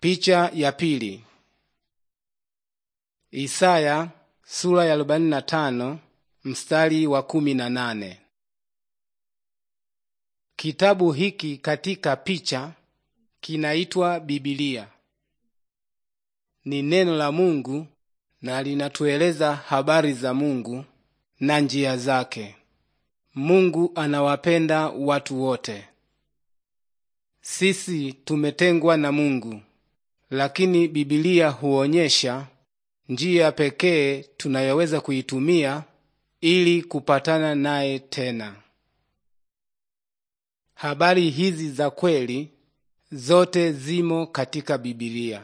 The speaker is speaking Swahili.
Picha ya pili. Isaya sura ya 45 mstari wa 18. Kitabu hiki katika picha kinaitwa Biblia. Ni neno la Mungu na linatueleza habari za Mungu na njia zake. Mungu anawapenda watu wote. Sisi tumetengwa na Mungu lakini Bibilia huonyesha njia pekee tunayoweza kuitumia ili kupatana naye tena. Habari hizi za kweli zote zimo katika Bibilia.